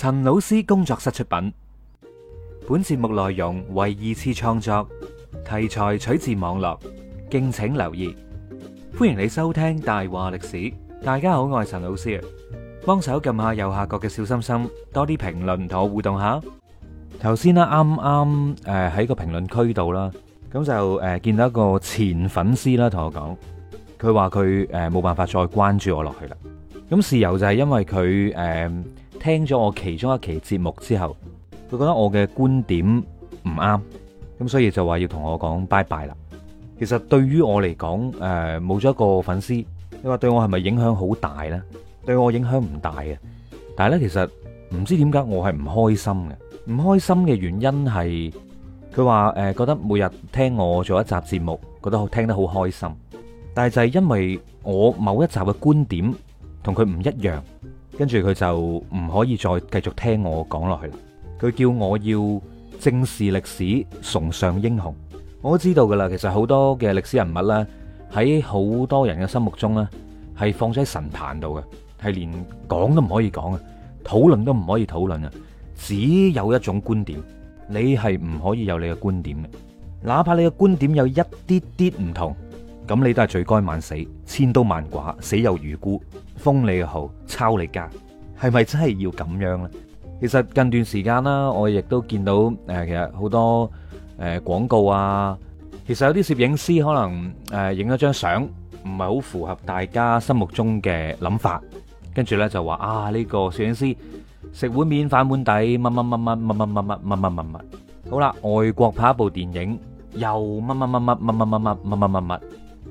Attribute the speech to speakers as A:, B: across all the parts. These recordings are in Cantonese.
A: 陳老師工作室出品，本節目內容為二次創作，題材取自網絡，敬請留意。歡迎你收聽大話歷史。大家好，我係陳老師啊，幫手撳下右下角嘅小心心，多啲評論同我互動下。頭先啦，啱啱誒喺個評論區度啦，咁、呃、就誒、呃、見到一個前粉絲啦，同我講，佢話佢誒冇辦法再關注我落去啦。咁事由就係因為佢誒。呃呃聽咗我其中一期節目之後，佢覺得我嘅觀點唔啱，咁所以就話要同我講拜拜啦。其實對於我嚟講，誒冇咗一個粉絲，你話對我係咪影響好大呢？對我影響唔大嘅，但係咧其實唔知點解我係唔開心嘅。唔開心嘅原因係佢話誒覺得每日聽我做一集節目，覺得聽得好開心，但係就係因為我某一集嘅觀點同佢唔一樣。跟住佢就唔可以再繼續聽我講落去啦。佢叫我要正視歷史，崇尚英雄。我都知道噶啦，其實好多嘅歷史人物咧，喺好多人嘅心目中咧，係放咗喺神壇度嘅，係連講都唔可以講啊，討論都唔可以討論啊，只有一種觀點，你係唔可以有你嘅觀點嘅，哪怕你嘅觀點有一啲啲唔同。咁你都係罪該萬死，千刀萬剮，死有餘辜，封你嘅號，抄你家，係咪真係要咁樣呢？其實近段時間啦，我亦都見到誒，其實好多誒廣告啊。其實有啲攝影師可能誒影咗張相，唔係好符合大家心目中嘅諗法，跟住呢就話啊呢個攝影師食碗麵反碗底，乜乜乜乜乜乜乜乜乜乜乜乜好啦。外國拍一部電影又乜乜乜乜乜乜乜乜乜乜乜乜。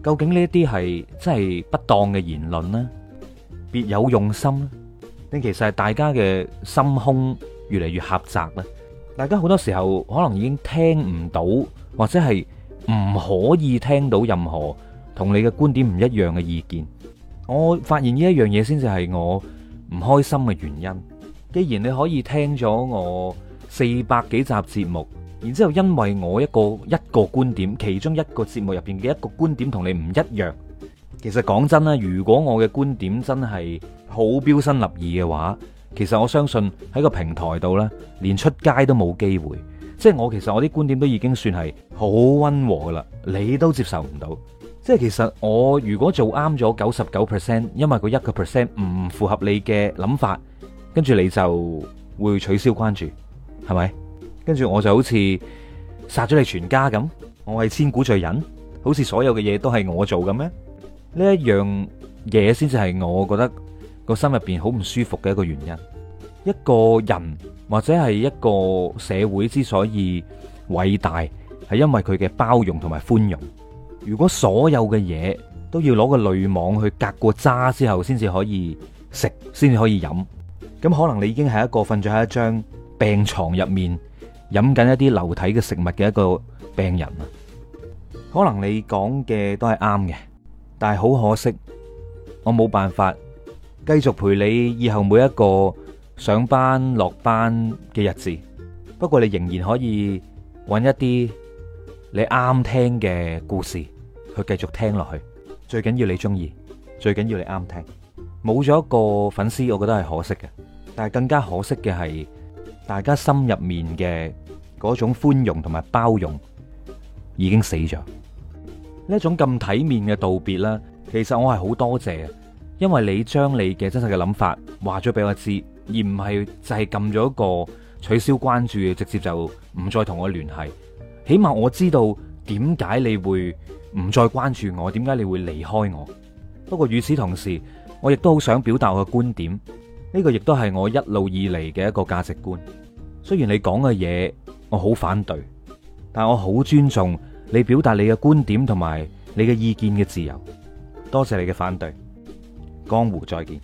A: 究竟呢一啲係真係不當嘅言論呢，別有用心呢，定其實係大家嘅心胸越嚟越狹窄咧？大家好多時候可能已經聽唔到，或者係唔可以聽到任何同你嘅觀點唔一樣嘅意見。我發現呢一樣嘢先至係我唔開心嘅原因。既然你可以聽咗我四百幾集節目。然之後，因為我一個一個觀點，其中一個節目入邊嘅一個觀點同你唔一樣。其實講真啦，如果我嘅觀點真係好標新立異嘅話，其實我相信喺個平台度呢，連出街都冇機會。即係我其實我啲觀點都已經算係好溫和噶啦，你都接受唔到。即係其實我如果做啱咗九十九 percent，因為個一個 percent 唔符合你嘅諗法，跟住你就會取消關注，係咪？跟住我就好似殺咗你全家咁，我係千古罪人，好似所有嘅嘢都係我做嘅咩？呢一樣嘢先至係我覺得個心入邊好唔舒服嘅一個原因。一個人或者係一個社會之所以偉大，係因為佢嘅包容同埋寬容。如果所有嘅嘢都要攞個濾網去隔過渣之後，先至可以食，先至可以飲，咁可能你已經係一個瞓咗喺一張病床入面。飲緊一啲流體嘅食物嘅一個病人啊，可能你講嘅都係啱嘅，但係好可惜，我冇辦法繼續陪你以後每一個上班落班嘅日子。不過你仍然可以揾一啲你啱聽嘅故事去繼續聽落去。最緊要你中意，最緊要你啱聽。冇咗一個粉絲，我覺得係可惜嘅。但係更加可惜嘅係。大家心入面嘅嗰種寬容同埋包容已經死咗，呢一種咁體面嘅道別啦，其實我係好多謝，因為你將你嘅真實嘅諗法話咗俾我知，而唔係就係撳咗個取消關注，直接就唔再同我聯繫。起碼我知道點解你會唔再關注我，點解你會離開我。不過與此同時，我亦都好想表達我嘅觀點。呢個亦都係我一路以嚟嘅一個價值觀。雖然你講嘅嘢我好反對，但我好尊重你表達你嘅觀點同埋你嘅意見嘅自由。多謝你嘅反對。江湖再見。